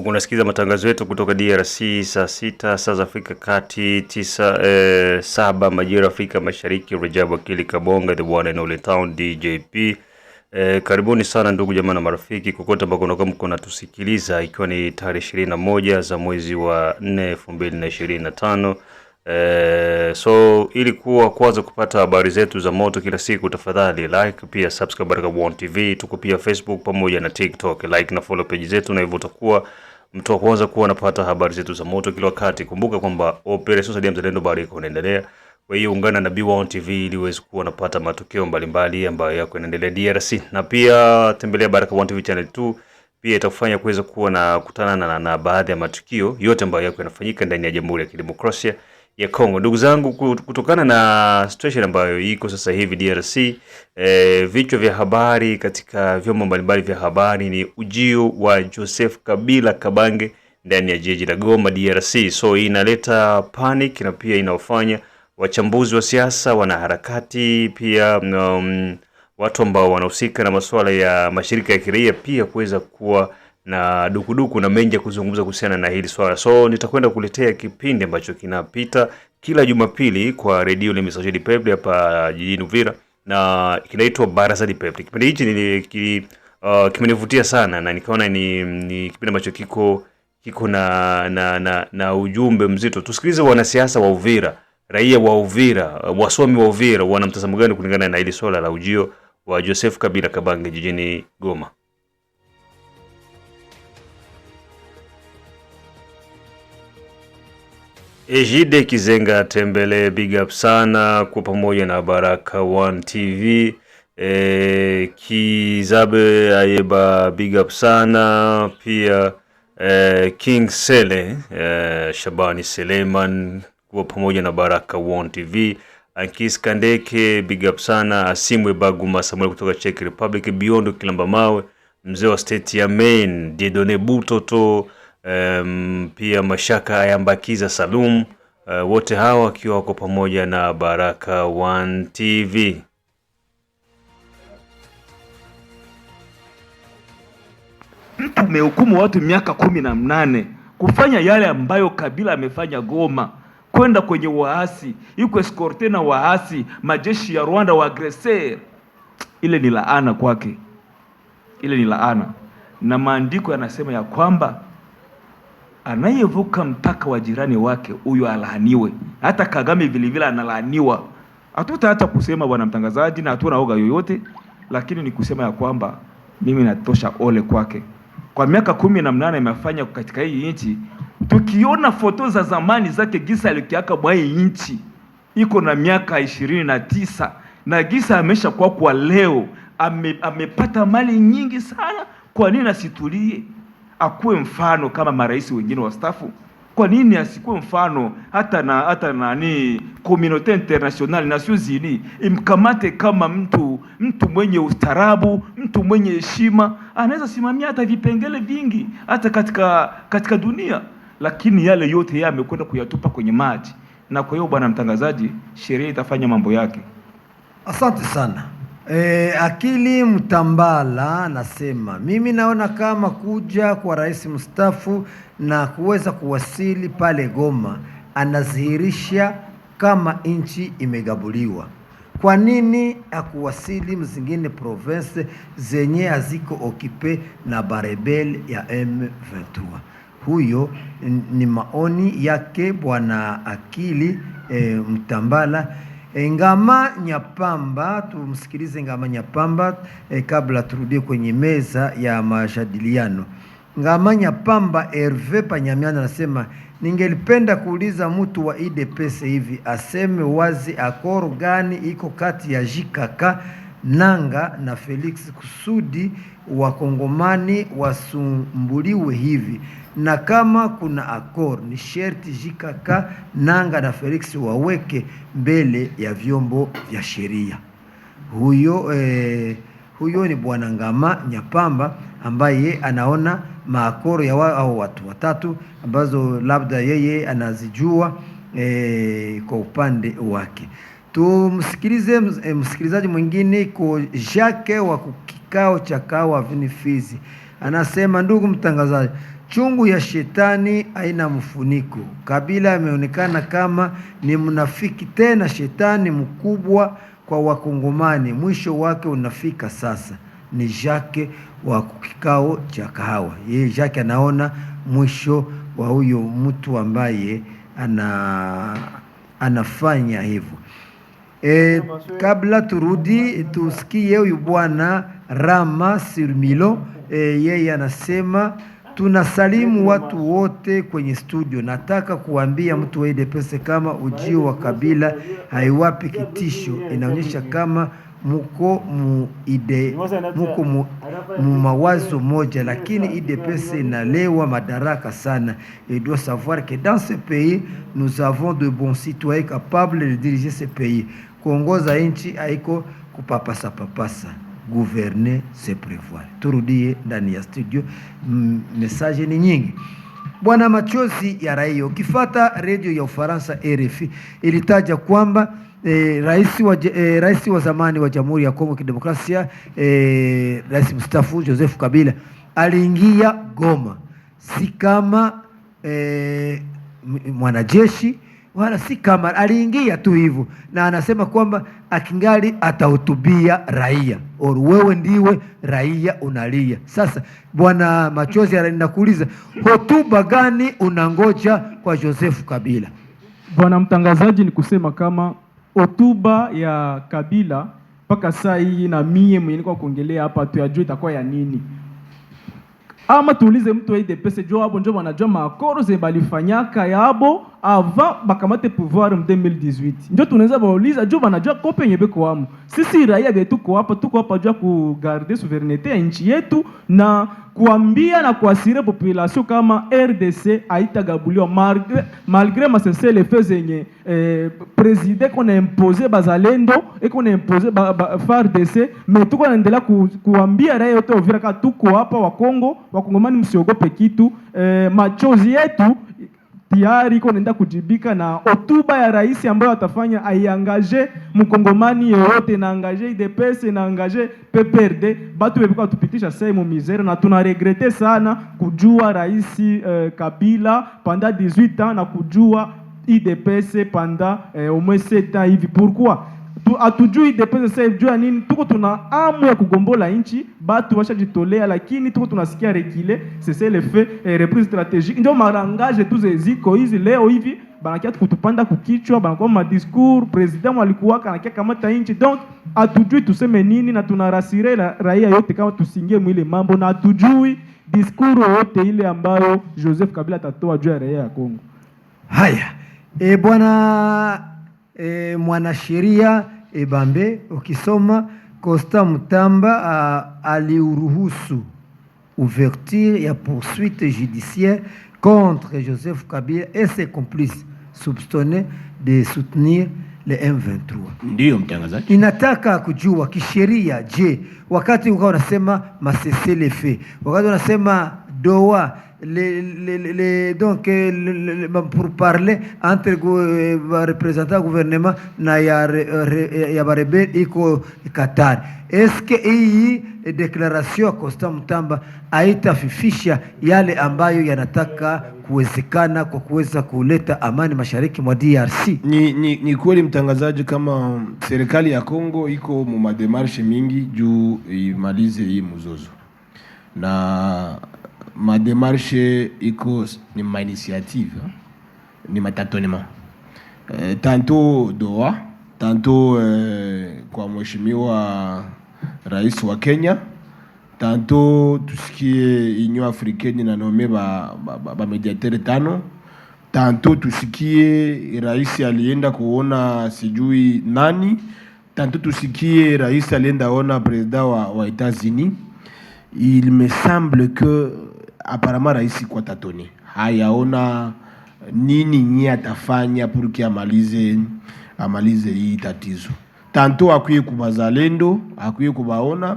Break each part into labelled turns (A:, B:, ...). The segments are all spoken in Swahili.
A: Kumbuka unasikiliza matangazo yetu kutoka DRC saa sita saa za Afrika Kati tisa eh, saba majira Afrika Mashariki. Rejabu Akili Kabonga, the one and only town DJP. Eh, karibuni sana ndugu jamaa na marafiki kokote ambako mko mko natusikiliza, ikiwa ni tarehe 21 za mwezi wa 4 2025 E, so ili kuwa kwanza kupata habari zetu za moto kila siku, tafadhali like pia subscribe Baraka One TV. Tuko pia Facebook pamoja na TikTok, like na follow page zetu, na hivyo utakuwa mtu wa kwanza kuwa anapata habari zetu za moto kila wakati. Kumbuka kwamba operation Saidia Mzalendo bado iko inaendelea, kwa hiyo ungana na B1 TV ili uweze kuwa unapata matukio mbalimbali ambayo yako yanaendelea DRC, na pia tembelea Baraka One TV channel 2 pia itakufanya kuweza kuwa na kutana na, na, na baadhi ya matukio yote ambayo yako yanafanyika ndani ya Jamhuri ya Kidemokrasia ya Kongo. Ndugu zangu, kutokana na situation ambayo iko sasa hivi DRC, eh, vichwa vya habari katika vyombo mbalimbali vya habari ni ujio wa Joseph Kabila Kabange ndani ya jiji la Goma DRC. So hii inaleta panic na pia inaofanya wachambuzi wa siasa, wanaharakati pia um, watu ambao wanahusika na masuala ya mashirika ya kiraia pia kuweza kuwa na dukuduku na mengi ya kuzungumza kuhusiana na hili swala, so nitakwenda kuletea kipindi ambacho kinapita kila Jumapili kwa redio Le Messager du Peuple hapa jijini Uvira na kinaitwa Baraza la Peuple. Kipindi hichi ni niliki uh, kimenivutia sana na nikaona ni, ni kipindi ambacho kiko kiko na na, na na ujumbe mzito. Tusikilize wanasiasa wa Uvira, raia wa Uvira, wasomi wa Uvira wana mtazamo gani kulingana na hili swala la ujio wa Joseph Kabila Kabange jijini Goma. Ejide Kizenga Tembele, big up sana kwa pamoja na Baraka 1 TV. E, Kizabe Ayeba big up sana pia. E, King Sele e, Shabani Seleman kwa pamoja na Baraka 1 TV. Ankis Kandeke big up sana. Asimwe Baguma Samuel kutoka Czech Republic, Biondo Kilamba Mawe, mzee wa state ya Maine, Diedone Butoto um, pia Mashaka ayambakiza Salum, uh, wote hawa wakiwa wako pamoja na Baraka One TV.
B: Mtu umehukumu watu miaka kumi na mnane kufanya yale ambayo Kabila amefanya Goma, kwenda kwenye waasi iko eskorte na waasi, majeshi ya Rwanda wa agreser. Ile ni laana kwake, ile ni laana, na maandiko yanasema ya kwamba anayevuka mpaka wa jirani wake huyo alaaniwe. Hata Kagame vilevile analaaniwa. Hatuta hata kusema bwana mtangazaji, na hatuna oga yoyote, lakini ni kusema ya kwamba mimi natosha ole kwake. Kwa miaka kumi na mnane amefanya katika hii nchi, tukiona foto za zamani zake gisa alikiaka mwa hii nchi iko na miaka ishirini na tisa na gisa amesha kwa kwa leo ame, amepata mali nyingi sana. Kwa nini asitulie? akuwe mfano kama marais wengine wastaafu? Kwa nini asikuwe mfano hata na hata nani communauté internationale Nations Unies imkamate kama mtu mtu mwenye ustarabu, mtu mwenye heshima, anaweza simamia hata vipengele vingi hata katika katika dunia, lakini yale yote yeye amekwenda kuyatupa kwenye maji. Na kwa hiyo, bwana mtangazaji, sheria itafanya mambo yake.
C: Asante sana. E, Akili Mtambala anasema mimi naona kama kuja kwa rais mstaafu na kuweza kuwasili pale Goma anadhihirisha kama nchi imegabuliwa. Kwa nini akuwasili mzingine province zenye haziko okipe na barebel ya M23? Huyo ni maoni yake bwana Akili e, Mtambala. Ngama Nyapamba, tumsikilize Ngama Nyapamba e, kabla turudie kwenye meza ya majadiliano. Ngama Nyapamba rv Panyamiana anasema ningelipenda kuuliza mtu wa IDPS hivi aseme wazi akoro gani iko kati ya JKK nanga na Felix kusudi wakongomani wasumbuliwe hivi, na kama kuna akor ni sherti jikaka nanga na Felix waweke mbele ya vyombo vya sheria. Huyo eh, huyo ni bwana Ngama Nyapamba ambaye anaona maakoro ya wao au watu watatu ambazo labda yeye anazijua eh, kwa upande wake. Tumsikilize eh, msikilizaji mwingine, iko Jake wa kikao cha kawa Fizi, anasema ndugu mtangazaji, chungu ya shetani haina mfuniko. Kabila ameonekana kama ni mnafiki, tena shetani mkubwa kwa Wakongomani, mwisho wake unafika sasa. Ni Jake wa kikao cha kahawa. Yeye Jake anaona mwisho wa huyo mtu ambaye ana, anafanya hivyo. E, kabla turudi tusikie huyu bwana Rama Sirmilo e, yeye anasema tunasalimu watu wote kwenye studio. Nataka kuambia mtu wa UDPS kama ujio wa kabila haiwapi kitisho, inaonyesha kama muko mu ide muko mu, mu mawazo moja, lakini UDPS inalewa madaraka sana. Il doit savoir que dans ce pays nous avons de bons citoyens capables de diriger ce pays Kuongoza nchi haiko kupapasa papasa, gouverner se prévoir. Turudie ndani ya studio, message ni nyingi. Bwana machozi ya raia. Ukifata redio ya Ufaransa RFI ilitaja kwamba E, rais wa, e, rais wa zamani wa Jamhuri ya Kongo Kidemokrasia e, rais mstaafu Joseph Kabila aliingia Goma si kama e, mwanajeshi wala si kama aliingia tu hivyo, na anasema kwamba akingali atahutubia raia, or wewe ndiwe raia unalia. Sasa bwana machozi ananakuuliza hotuba gani unangoja kwa Joseph Kabila? Bwana mtangazaji, ni kusema kama hotuba ya Kabila mpaka saa hii na mie mwenye nilikuwa kuongelea hapa, tuyajua itakuwa ya nini ama tuulize mtu aidepese jo abo njo banajua makoro ze balifanyaka yabo avant bakamate pouvoir mu 2018 njo tunaweza bauliza jo banajua kopenye bekoamo sisi raia betuko hapa tuko hapa jua kugarde souverainete ya nchi yetu na kuambia na kuasire population kama RDC haitagabuliwa malgre, malgre masese lefe zenye eh, preside kona impose bazalendo ekona impose ba, ba, FARDC me tuko naendelea ku, kuambia raia yote Uvira ka tuko hapa wa Kongo, wakongomani msiogope kitu eh, machozi yetu tayari iko naenda kujibika na hotuba ya rais ambayo atafanya aiangaje mkongomani yoyote na angaje UDPS na angaje PPRD. Batu bebiko atupitisha sei mu misere, na tunaregrete sana kujua rais eh, Kabila panda 18 ans na kujua UDPS panda eh, au moins 7 ans hivi. Pourquoi? hatujui depende sasa juu ya nini. Tuko tuna amu ya kugombola nchi, batu washajitolea, lakini tuko tunasikia rekile sese le fait eh, reprise strategique ndio marangaje tu ziko hizi leo hivi banakia kutupanda kukichwa, banakuwa ma discours president walikuwa kanakia kamata nchi. Donc hatujui tuseme nini, na tunarasire la raia yote kama tusingie mwile mambo, na hatujui discours yote ile ambayo Joseph Kabila atatoa juu ya raia ya Kongo. Haya, e bwana e, mwanasheria Ebambe ukisoma Costa Mutamba aliuruhusu ouverture ya poursuite judiciaire contre Joseph Kabila et ses complices soupçonnés de soutenir le M23. Ndio mtangazaji, ninataka kujua kisheria. Je, wakati ukawa unasema masese lefe, wakati unasema doa les, les, les, donc euh, pour parler entre euh, représentants gouvernement na euh, ya barebe iko Qatar. Eske hii deklaration deklarasio costa Mutamba aitafifisha yale ambayo yanataka kuwezekana kwa kuweza kuleta amani mashariki mwa DRC? Ni, ni, ni kweli mtangazaji, kama serikali ya congo iko mu mademarshe mingi juu imalize hii mzozo na ma démarche iko ni mainitiative, ni matatonement e, euh, tantôt doa tantôt e, euh, kwa mheshimiwa rais wa Kenya tantôt tusikie Union Africaine nanome ba, ba, ba, ba tano tanto tusikie rais alienda kuona sijui nani, tanto tusikie rais alienda ona president wa, wa Etats-Unis. Il me semble que aparama rais kwa tatoni hayaona nini nyi atafanya purki amalize amalize hii tatizo. Tanto akuye kubazalendo akuye kubaona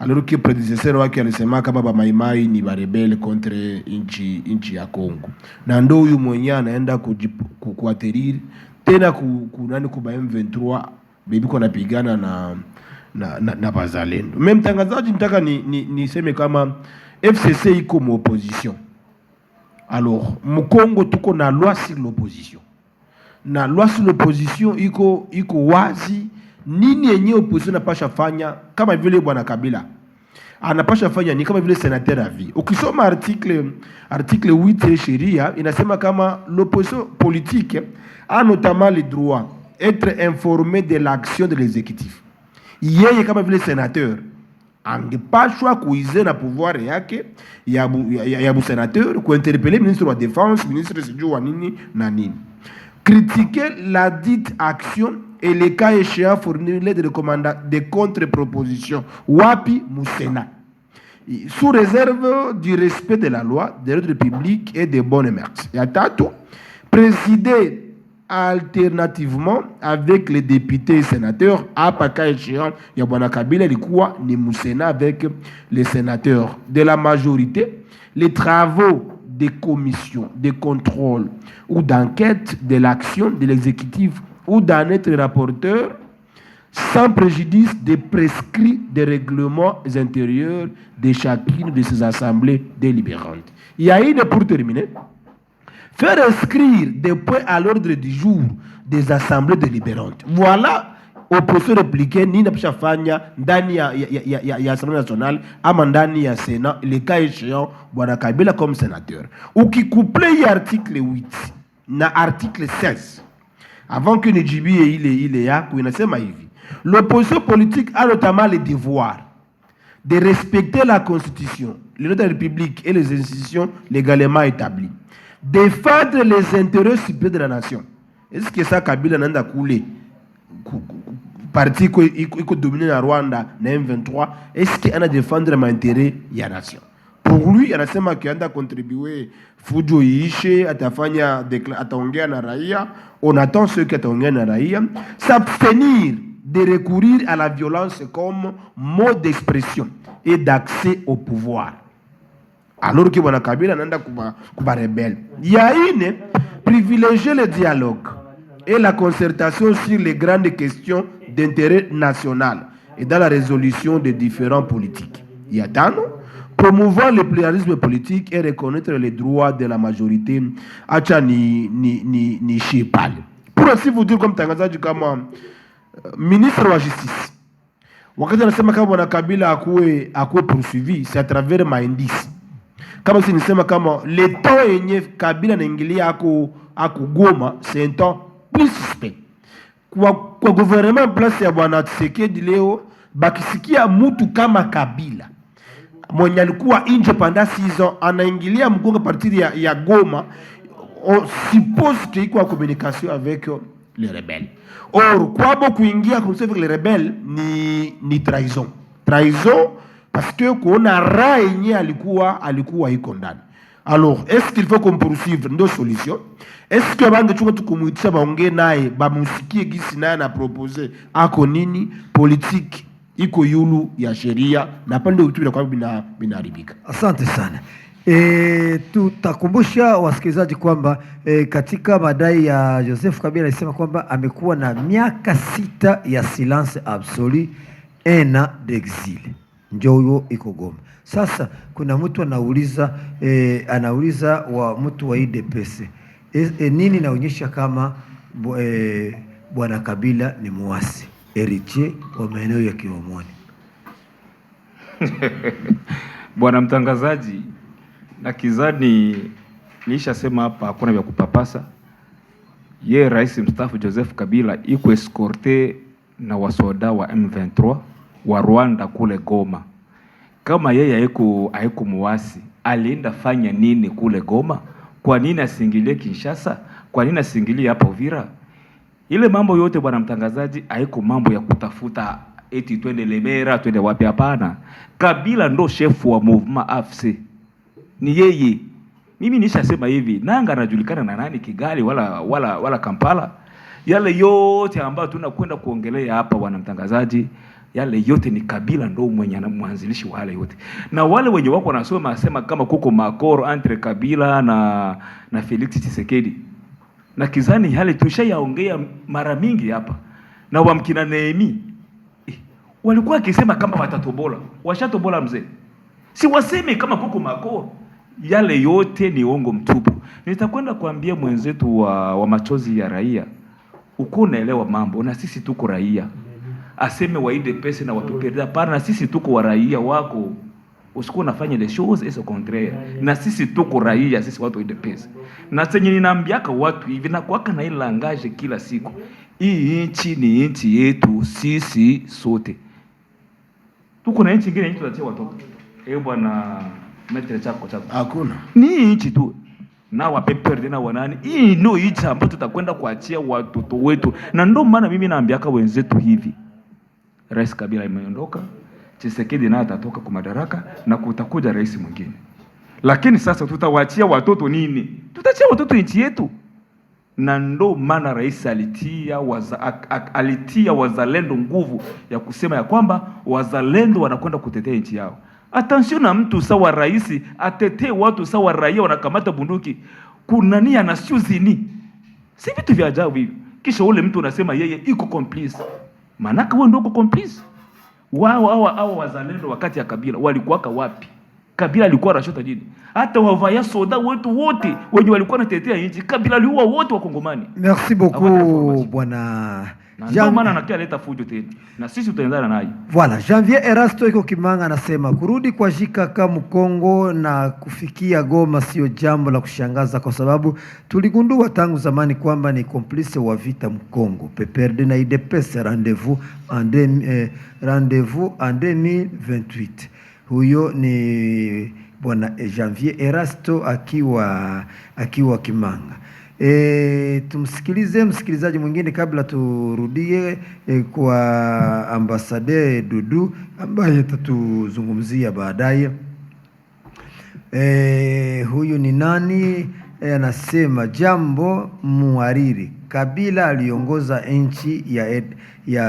C: aloroki predecessor wake alisema kama ba maimai ni barebele contre inchi inchi ya Kongo, na ndo huyu mwenye anaenda kukuateriri tena nani kuba M23 bibi kwa napigana na na, na, na bazalendo. Mimi mtangazaji, nitaka niseme ni, ni kama FCC comme opposition. Alors, tout tuko na loi sur l'opposition. Na loi sur l'opposition iko iko wazi ni ni opposition pasha fanya kama vile bwana Kabila anapasha ah, fanya ni kama vile vie. Au Ukisoma article article 8 ya a inasema kama l'opposition politique a notamment le droit être informé de l'action de l'exécutif. Yeye kama vile sénateur angepashwa kuize na pouvoir yake ya, ya, ya, bu busenateur le ministre wa Défense, ministre de wa nini na critiquer la dite action et les cas échéant formuler des recommandations des contre-propositions wapi musena sous réserve du respect de la loi, de l'ordre public et des bonnes mœurs. Ya tatu présider alternativement avec les députés et sénateurs. à Kabila avec les sénateurs de la majorité. Les travaux des commissions des contrôles ou d'enquête de l'action de l'exécutif ou d'en être rapporteur sans préjudice des prescrits des règlements intérieurs de chacune de ces assemblées délibérantes. Il y a une, pour terminer, Faire inscrire des points à l'ordre du jour des assemblées délibérantes. Voilà procès répliquée Nina Pchafania, pas ya, ya, ya Assemblée nationale Amandani, Sénat, les cas échéants, bwana Kabila comme sénateur. qui l'article 8 na article 16 avant que est ile ile yako inasema hivi, l'opposition politique a notamment le devoir de respecter la constitution, les lois de la République et les institutions légalement établies défendre les intérêts supérieurs de la nation. Est-ce que ça, Kabila n'a coulé parti qui dominé la Rwanda, en 23 est-ce qu'il a défendu défendre intérêts de la nation pour lui il y a a akienda contribuer fujo iishe, atafanya ataongea na raia. On attend ceux qui ataongea na raia, s'abstenir de recourir à la violence comme mode d'expression et d'accès au pouvoir. Alors que bwana Kabila Il y a une, privilégier le dialogue et la concertation sur les grandes questions d'intérêt national et dans la résolution des différents politiques. Il y a tano, promouvoir le pluralisme politique et reconnaître les droits de la majorité acha ni, ni, Pour aussi vous dire comme du kama euh, ministre la justice wakati anasema kama bwana Kabila akuwe poursuivi, c'est à travers indice. kama si nisema kama le temps yenye Kabila naingilia aku akugoma temps plus suspect kwa, kwa gouvernement place ya bwana Tshisekedi leo, bakisikia mtu kama Kabila mwenye alikuwa nje panda sizo anaingilia mgonga partiri ya, ya Goma on suppose que iko communication avec euh, les rebelles or kwabo kuingia kumsema les rebelles ni ni trahison trahison Parce kuona raha yenyewe alikuwa alikuwa iko ndani. Alors est-ce qu'il faut qu'on poursuive ndo solution? Est-ce que bangechuka tukumuitisha baongee naye bamusikie gisi naye na propose ako nini politique iko yulu ya sheria na pande vitu vinakuwa bina Asante sana. E, tutakumbusha wasikilizaji kwamba e, katika madai ya Joseph Kabila alisema kwamba amekuwa na miaka sita ya silence absolu, un an d'exil Njoo huyo iko Goma. Sasa kuna mtu anauliza e, anauliza wa mtu wa UDPS e, eh, e, eh, nini naonyesha kama e, bwana Kabila ni muasi eriche wa maeneo ya Kiomoni?
A: Bwana mtangazaji, na kizani niishasema hapa, hakuna vya kupapasa. Ye rais mstaafu Joseph Kabila iko eskorte na wasoda wa M23 wa Rwanda kule Goma, kama yeye haiku haiku muasi, alienda fanya nini kule Goma? Kwa nini asingilie Kinshasa? Kwa nini asingilie hapo Uvira? Ile mambo yote bwana mtangazaji, haiku mambo ya kutafuta eti twende Lemera, twende wapi? Hapana, Kabila ndo shefu wa movement AFC, ni yeye. Mimi nishasema hivi, nanga anajulikana na nani Kigali wala wala wala Kampala? Yale yote ambayo tunakwenda kuongelea hapa, bwana mtangazaji yale yote ni Kabila ndo mwenye mwanzilishi wa yale yote, na wale wenye wako wanasoma asema kama kuko makoro entre Kabila na na Felix Tshisekedi na kizani yale tushayaongea mara mingi hapa, na wamkina Neemi eh, walikuwa akisema kama watatobola, washatobola mzee, si waseme kama kuko makoro yale yote ni ongo mtupu. Nitakwenda kuambia mwenzetu wa, wa machozi ya raia, uko unaelewa mambo na sisi tuko raia aseme waide pesa na watupelea pana. Sisi tuko wa raia wako, usikuwa nafanya the shows eso contraire, na sisi tuko raia, sisi watu waide pesa na senye ninaambiaka watu hivi na kwaka na ile langaje kila siku, hii nchi ni nchi yetu sisi sote, tuko na nchi nyingine yetu tunatia watoto eh, bwana metre chako chako hakuna, ni nchi tu na wapeperde na wanani. Hii ndio nchi ambayo tutakwenda kuachia watoto wetu, na ndio maana mimi naambiaka wenzetu hivi Rais Kabila imeondoka, Chisekedi naye atatoka kwa madaraka na kutakuja rais mwingine. Lakini sasa tutawachia watoto nini? Tutachia watoto nchi yetu, na ndo maana rais alitia waza, alitia wazalendo nguvu ya kusema ya kwamba wazalendo wanakwenda kutetea nchi yao. Attention na mtu sawa rais atetee watu sawa raia wanakamata bunduki, kuna nia na siuzini, si vitu vya ajabu hivyo. Kisha ule mtu unasema yeye iko complice Maanake wewe ndio uko complice. Wao hao hao wazalendo wakati ya Kabila walikuwaka wapi? Kabila alikuwa anashota dini. Hata wavaya soda wetu wote wenye walikuwa wanatetea nchi, Kabila aliua wote wa Kongomani.
C: Merci beaucoup bwana. leta fujo Na sisi Voilà, Janvier Erasto iko Kimanga anasema kurudi kwa jikaka Mkongo na kufikia Goma sio jambo la kushangaza kwa sababu tuligundua tangu zamani kwamba ni komplice wa vita Mkongo. PPRD na UDPS rendez en eh, en 2028. Huyo ni bwana Janvier Erasto akiwa akiwa Kimanga. E, tumsikilize msikilizaji mwingine kabla turudie e, kwa ambasade Dudu ambaye atatuzungumzia baadaye. E, huyu ni nani? Eh, anasema jambo muhariri Kabila aliongoza nchi ya, ya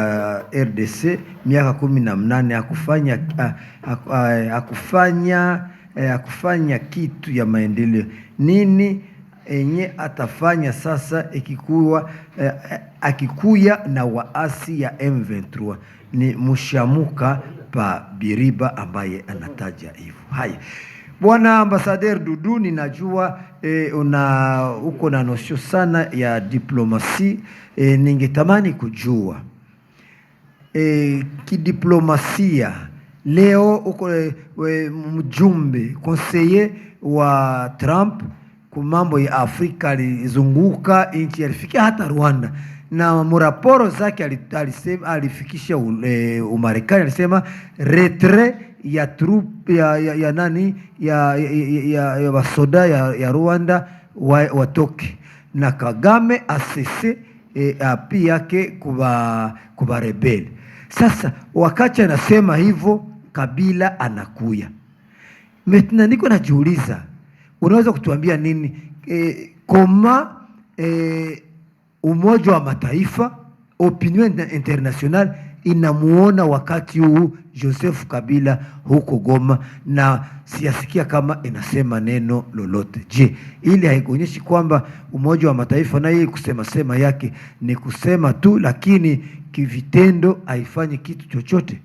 C: RDC miaka kumi na mnane akufanya eh, kitu ya maendeleo. Nini enye atafanya sasa ikikuwa eh, akikuya na waasi ya M23 ni mushamuka pa Biriba ambaye anataja hivyo haya Bwana Ambasader Dudu, ninajua e, una uko na nosho sana ya diplomasi e, eh, ningetamani kujua e, kidiplomasia leo uko we, mjumbe konseye wa Trump kumambo ya Afrika alizunguka nchi alifikia hata Rwanda na muraporo zake alifikisha Umarekani, alisema retrait ya trup, ya, ya, ya nani ya, ya, ya, ya wasoda ya, ya Rwanda wa, watoke na Kagame asese e, api yake kuba rebel. Sasa wakati anasema hivyo Kabila anakuya metna, niko najiuliza unaweza kutuambia nini e, koma e, Umoja wa Mataifa opinion international inamuona wakati huu Joseph Kabila huko Goma, na siyasikia kama inasema neno lolote. Je, ili haikuonyeshi kwamba Umoja wa Mataifa na yeye kusema sema yake ni kusema tu, lakini kivitendo haifanyi kitu chochote?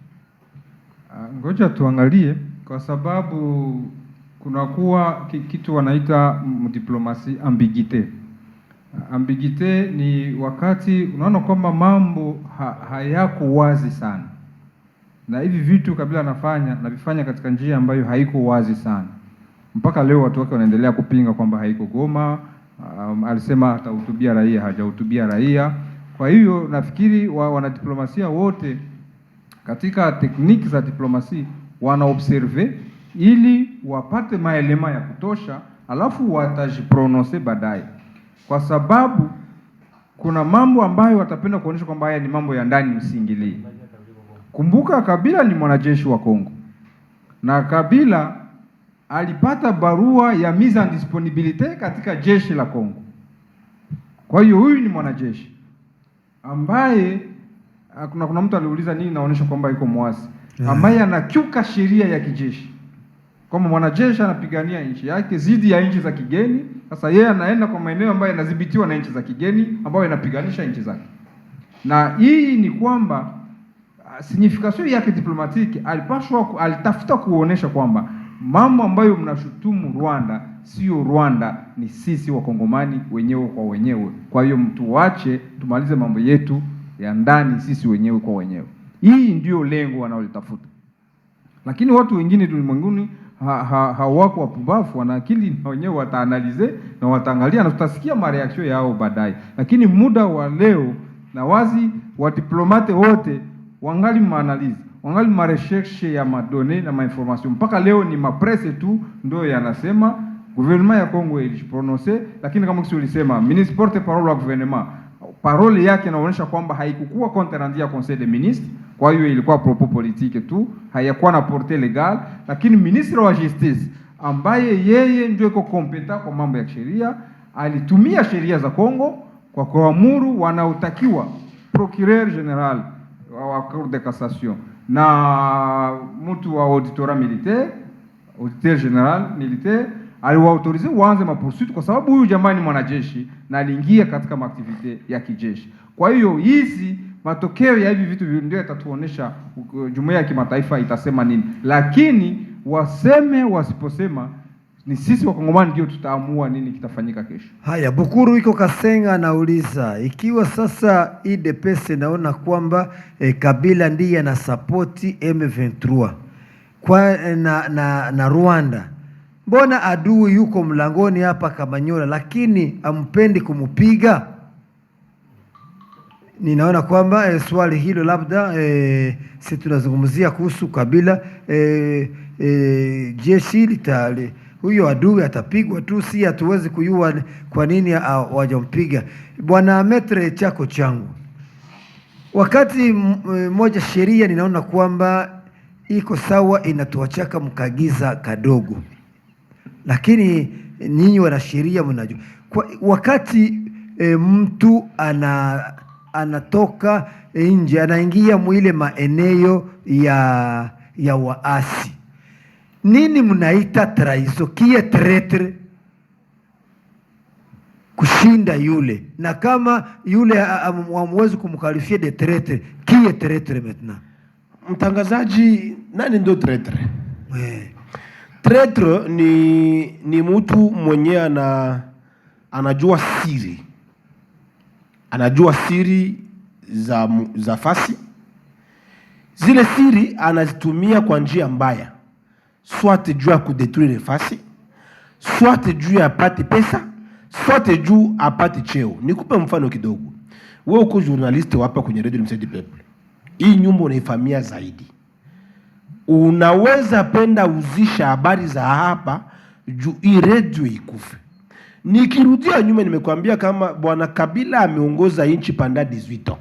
D: Ah, ngoja tuangalie, kwa sababu kunakuwa kitu wanaita mdiplomasi ambigite ah, ambigite ni wakati unaona kwamba mambo ha hayako wazi sana na hivi vitu Kabila anafanya navifanya katika njia ambayo haiko wazi sana. Mpaka leo watu wake wanaendelea kupinga kwamba haiko Goma. Um, alisema atahutubia raia, hajahutubia raia. Kwa hiyo nafikiri wa, wanadiplomasia wote katika tekniki za diplomasi wanaobserve ili wapate maelema ya kutosha, alafu watajiprononse baadaye, kwa sababu kuna mambo ambayo watapenda kuonyesha kwamba haya ni mambo ya ndani, msingilii Kumbuka Kabila ni mwanajeshi wa Kongo na Kabila alipata barua ya mise en disponibilite katika jeshi la Kongo. Kwa hiyo huyu ni mwanajeshi ambaye ah, kuna, kuna mtu aliuliza nini naonyesha kwamba iko mwasi eh. ambaye anakiuka sheria ya kijeshi kama mwanajeshi anapigania nchi yake dhidi ya nchi za kigeni. Sasa yeye anaenda kwa maeneo ambayo yanadhibitiwa na nchi za kigeni ambayo inapiganisha nchi zake, na hii ni kwamba Ah, signifikasio yake diplomatiki, alipashwa alitafuta kuonesha kwamba mambo ambayo mnashutumu Rwanda sio Rwanda, ni sisi wakongomani wenyewe kwa wenyewe. Kwa hiyo wache tumalize mambo yetu ya ndani sisi wenyewe kwa wenyewe. Hii ndio lengo wanaolitafuta, lakini watu wengine ulimwenguni hawako wapumbavu, wana akili na wenyewe wataanalize na wataangalia, na tutasikia mareaksio yao baadaye, lakini muda wa leo na wazi wa diplomate wote wangali maanalizi, wangali mareshershe ya madone na mainformation. Mpaka leo ni maprese tu ndio yanasema gouvernement ya Kongo ilijiprononse, lakini kama kisi ulisema ministre porte parole wa gouvernement, parole yake inaonyesha kwamba haikukuwa kontrandi ya conseil des ministres. Kwa hiyo ilikuwa propos politique tu, hayakuwa na porte legal. Lakini ministre wa justice ambaye yeye ndio iko kompeta kwa mambo ya sheria alitumia sheria za Kongo kwa kuamuru wanaotakiwa procureur general wa Cour de Cassation na mtu wa auditora militaire, auditeur general militaire aliwaautorize waanze mapursuit kwa sababu huyu jamani mwanajeshi na aliingia katika maaktivite ya kijeshi. Kwa hiyo hizi matokeo ya hivi vitu ndio yatatuonesha uh, jumuiya ya kimataifa itasema nini, lakini waseme wasiposema ni sisi wakongomani ndio tutaamua nini kitafanyika
C: kesho. Haya, Bukuru iko Kasenga anauliza ikiwa sasa IDPS naona kwamba eh, Kabila ndiye anasapoti M23 kwa eh, na, na, na Rwanda, mbona adui yuko mlangoni hapa Kamanyola lakini ampendi kumupiga? Ninaona kwamba eh, swali hilo labda eh, si tunazungumzia kuhusu Kabila eh, eh, jeshi litali huyo adui atapigwa tu, si hatuwezi kujua kwa nini wajampiga. Bwana Metre, chako changu. Wakati mmoja sheria ninaona kwamba iko sawa, inatuachaka mkagiza kadogo, lakini nyinyi wanasheria mnajua kwa wakati e, mtu ana anatoka nje anaingia mwile maeneo ya ya waasi nini mnaita traiso kie tretre kushinda yule, na kama yule hamwezi kumkalifia de tretre, kie tretre metna
A: Mtangazaji, nani ndo tretre? Tretre ni ni mtu mwenye ana anajua siri anajua siri za, za fasi zile siri anazitumia kwa njia mbaya soit Dieu juu détruit les faces, soit Dieu a pas pate pesa, soit Dieu a pas apate cheo. Nikupe mfano kidogo. Wewe uko journalist hapa kwenye Radio Msaidi People, hii nyumba unaifamia zaidi, unaweza penda uzisha habari za hapa juu hii radio ikufe. Nikirudia nyuma, nimekwambia kama bwana Kabila ameongoza nchi panda 18 ans,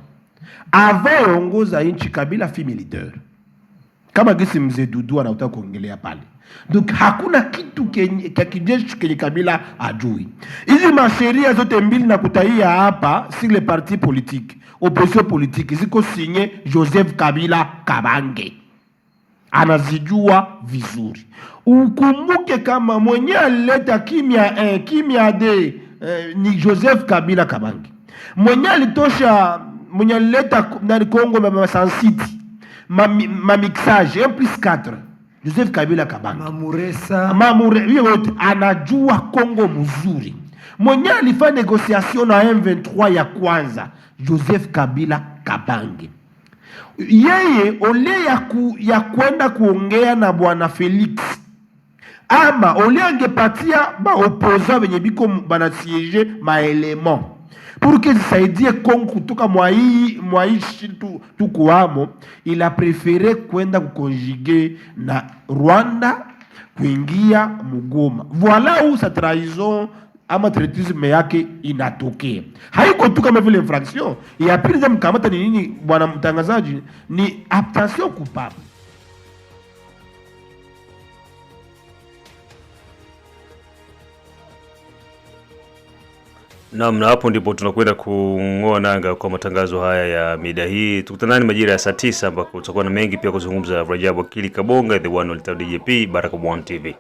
A: Avant ongoza nchi Kabila fi militaire kama gisi mzee Dudu anataka kuongelea pale. Donc hakuna kitu cha kijeshi kenye Kabila ajui. Hizi masheria zote mbili na kutaia hapa si le parti politique, opposition politique ziko sinye Joseph Kabila Kabange anazijua vizuri. Ukumbuke kama mwenye alileta kimya eh, kimya de eh, ni Joseph Kabila Kabange mwenye alitosha mwenye alileta ndani Kongo mama Sansiti ma, mixage un plus 4 Joseph Kabila Kabange anajua Kongo mzuri. Mwenye alifanya negociatio na M23 ya kwanza Joseph Kabila Kabange, yeye ole ya, ku, kwenda kuongea na bwana Felix ama ole angepatia baopoza venye biko banasiege maelemen purke zisaidie Kongo kutoka mwa hii tu tukuwamo, ila prefere kwenda kukonjige na Rwanda kuingia Mugoma. Voila où sa trahison ama tretisme yake inatokea, haiko tu kama vile infraction ya pili. mkamata ni nini, bwana mtangazaji? Ni abstention coupable. Naam, na hapo ndipo tunakwenda kung'oa nanga kwa matangazo haya ya mida hii. Tukutanani majira ya saa tisa ambako tutakuwa na mengi pia kuzungumza. Rajabu Akili Kabonga, the one and only Baraka1 TV.